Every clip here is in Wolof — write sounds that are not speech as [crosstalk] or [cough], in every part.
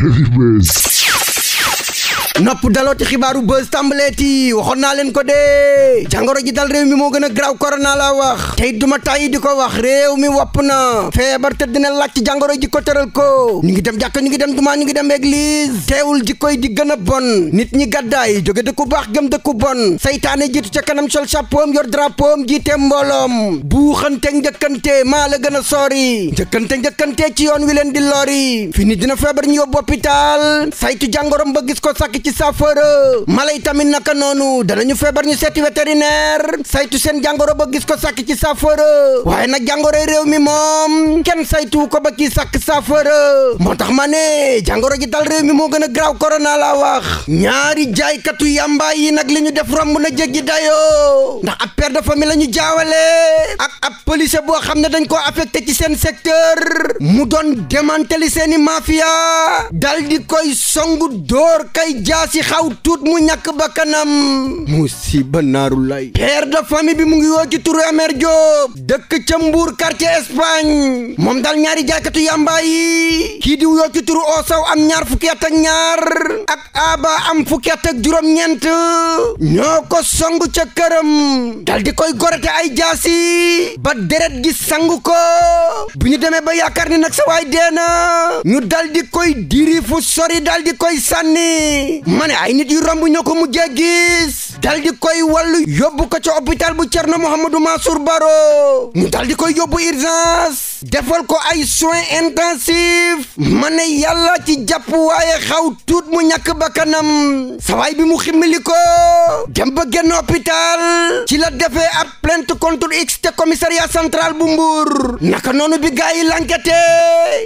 Heavy Bass. nopp dalooti xibaaru buzz tàmbaleeti waxoon naa leen ko dee jàngoro ji dal réew mi moo gën a graw korona la wax tey duma tàyyi di ko wax réew mi wapp na feebar te dina laaj ci jàngoro ji ko tëral ko ñu ngi dem jàkka ñu ngi dem jumaa ñu ngi dem église teewul ji koy di gën a bon nit ñi gàddaay jóge dëkku baax gëm dëkku bon saytaane jiitu ca kanam sol chapeau am yor drapeau am jiite mbooloom buuxante njëkkante maa la gën a sori njëkkante njëkkante ci yoon wi leen di lori fi nit dina feebar ñu yóbbu hôpital saytu jàngoroom ba gis ko sàkk ci saafara mala yi tamit naka noonu danañu feebar ñu seeti vétérinaire saytu seen jàngoro ba gis ko sàkk ci saafara waaye nag jàngoroy réew mi moom kenn saytuwu ko ba kii sàkk saafara moo tax ma ne jàngoro ji dal réew mi moo gën a graaw corona laa wax ñaari jaaykatu yamba yi nag li ñu def romb na jéggi dayoo ndax ab père de famille la ñu jaawale ak ab policier boo xam ne dañ koo affecté ci seen secteur mu doon démanteli seeni mafia dal di koy songu dóor kay jaasi xaw tuut mu ñàkk bakkanam musiba naaru lay père de famille bi mu ngi woo ci turu dëkk ca Mbour quartier Espagne moom daal ñaari jaaykatu yàmbaa yi kii di wuyoo ci turu am ñaar fukki at ak ñaar ak Aba am fukki at ak juróom-ñeent ñoo ko song ca këram dal di koy gorete ay jaasi ba deret gi sang ko bu ñu demee ba yaakaar ni nag sa waay dee na ñu dal di koy diri fu sori dal koy sànni ma ne ay nit yu romb ñoo ko mu gis dal koy wàllu yóbbu ko ci hôpital bu Thierno Mouhamadou Mansour Baro ñu dal di koy yóbbu urgence defal ko ay soins intensifs ma ne yàlla ci jàpp waaye xaw tuut mu ñakk bakkanam sawaay bi mu ximmili ko dem ba génn hôpital ci la defee ab plent contre x te commissariat central bu Mbour naka noonu bi gaa yi lankete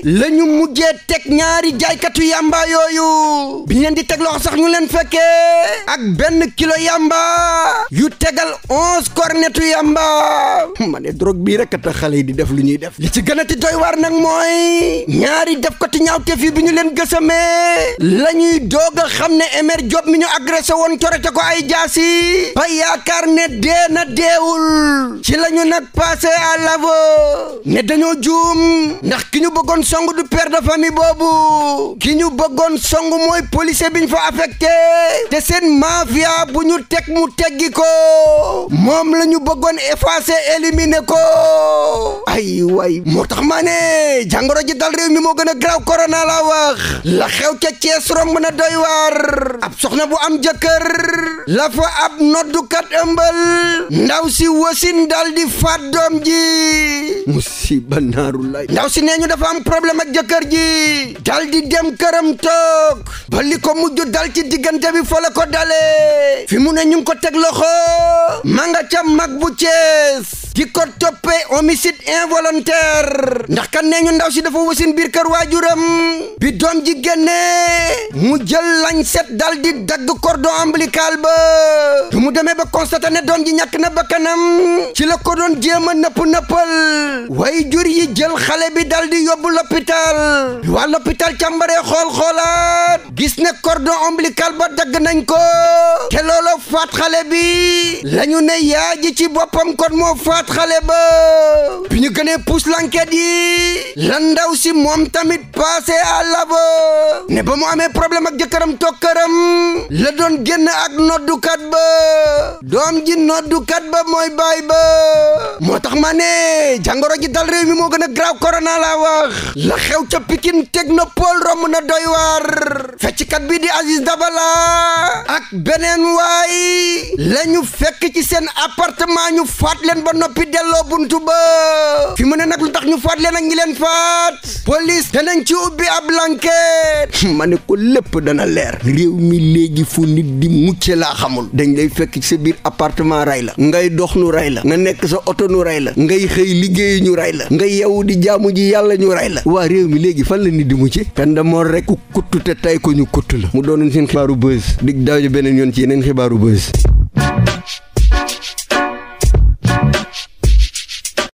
la ñu mujjee teg ñaari jaaykatu yamba yooyu bi ñu leen di teg loxo sax ñu leen fekkee ak benn kilo yamba yamba yu tegal onze kornetu yamba ma ne drogue bii rek tax xale yi di def lu ñuy def li ci gën a ti doy waar nag mooy ñaari def ko ti ñaawteef yi bi ñu leen gësamee la ñuy doog a xam ne Emer Diop mi ñu agressé woon corete ko ay jaasi ba yaakaar ne dee na deewul ci lañu ñu nag passé à l'aveu ne dañoo juum ndax ki ñu bëggoon song du père de famille boobu ki ñu bëggoon song mooy policier bi fa affecté te seen mafia bu ñu teg mu teggi ko moom la bëggoon effacer éliminer ko ay way moo tax maa ne jàngoro ji dal réew mi moo gën a korona la la xew ca Cees romb na ab soxna bu am jëkkër la fa ab noddukat ëmbal ndaw si wasin dal faat doom ji musiba naaru lay ndaw si nee ñu dafa am problème ak jëkkër ji dal di dem këram toog ba li ko mujj dal ci diggante bi fa la ko dalee fi mu ne ñu ko teg loxo ma nga mag bu Cees di ko toppee homicide involontaire ndax kan nee ñu ndaw si dafa wasin biir kër waajuram bi doom ji génnee mu jël lañ set dal dagg kordon ombilical ba du mu demee ba constaté ne doom ji ñàkk na bakkanam ci la ko doon jéem a nëpp nëppal way jur yi jël xale bi dal di yóbbu l'hôpital bi waa l'hôpital càmbaree xool xoolaat gis ne cordon ombilical ba dagg nañ ko te faat xale bi lañu ne yaa ci boppam kon moo faat faat xale ba bi ñu gënee pousse l'enquête yi lan ndaw si moom tamit passé à labo ne ba mu amee problème ak jëkkëram tokkëram la doon génn ak noddukat ba doom ji noddukat ba mooy baay ba moo tax ma ne jàngoro ji dal mi moo gën a graaw corona laa wax la xew ca Pikine Technopole romb na doy waar fecckat bi di Aziz Dabala ak beneen waay la ñu fekk ci seen appartement ñu faat leen ba noppi delloo buntu ba fi mu ne nag lu tax ñu faat leen ak ngi leen faat police danañ ci ubbi ab enquête [laughs] ma ne ko lépp dana leer réew mi léegi fu nit di mucce laa xamul dañ lay fekk ci sa biir appartement ray la ngay dox nu ray la nga nekk sa oto nu ray la ngay xëy liggéeyi ñu ray la ngay yewu di jaamu ji yàlla ñu ray la waa réew mi léegi fan la nit di mucce kan da moo rekk ku kutt te tay ko ñu kutt la mu doonoon seen xibaaru buzz dig daajo beneen yoon ci yeneen xibaaru buzz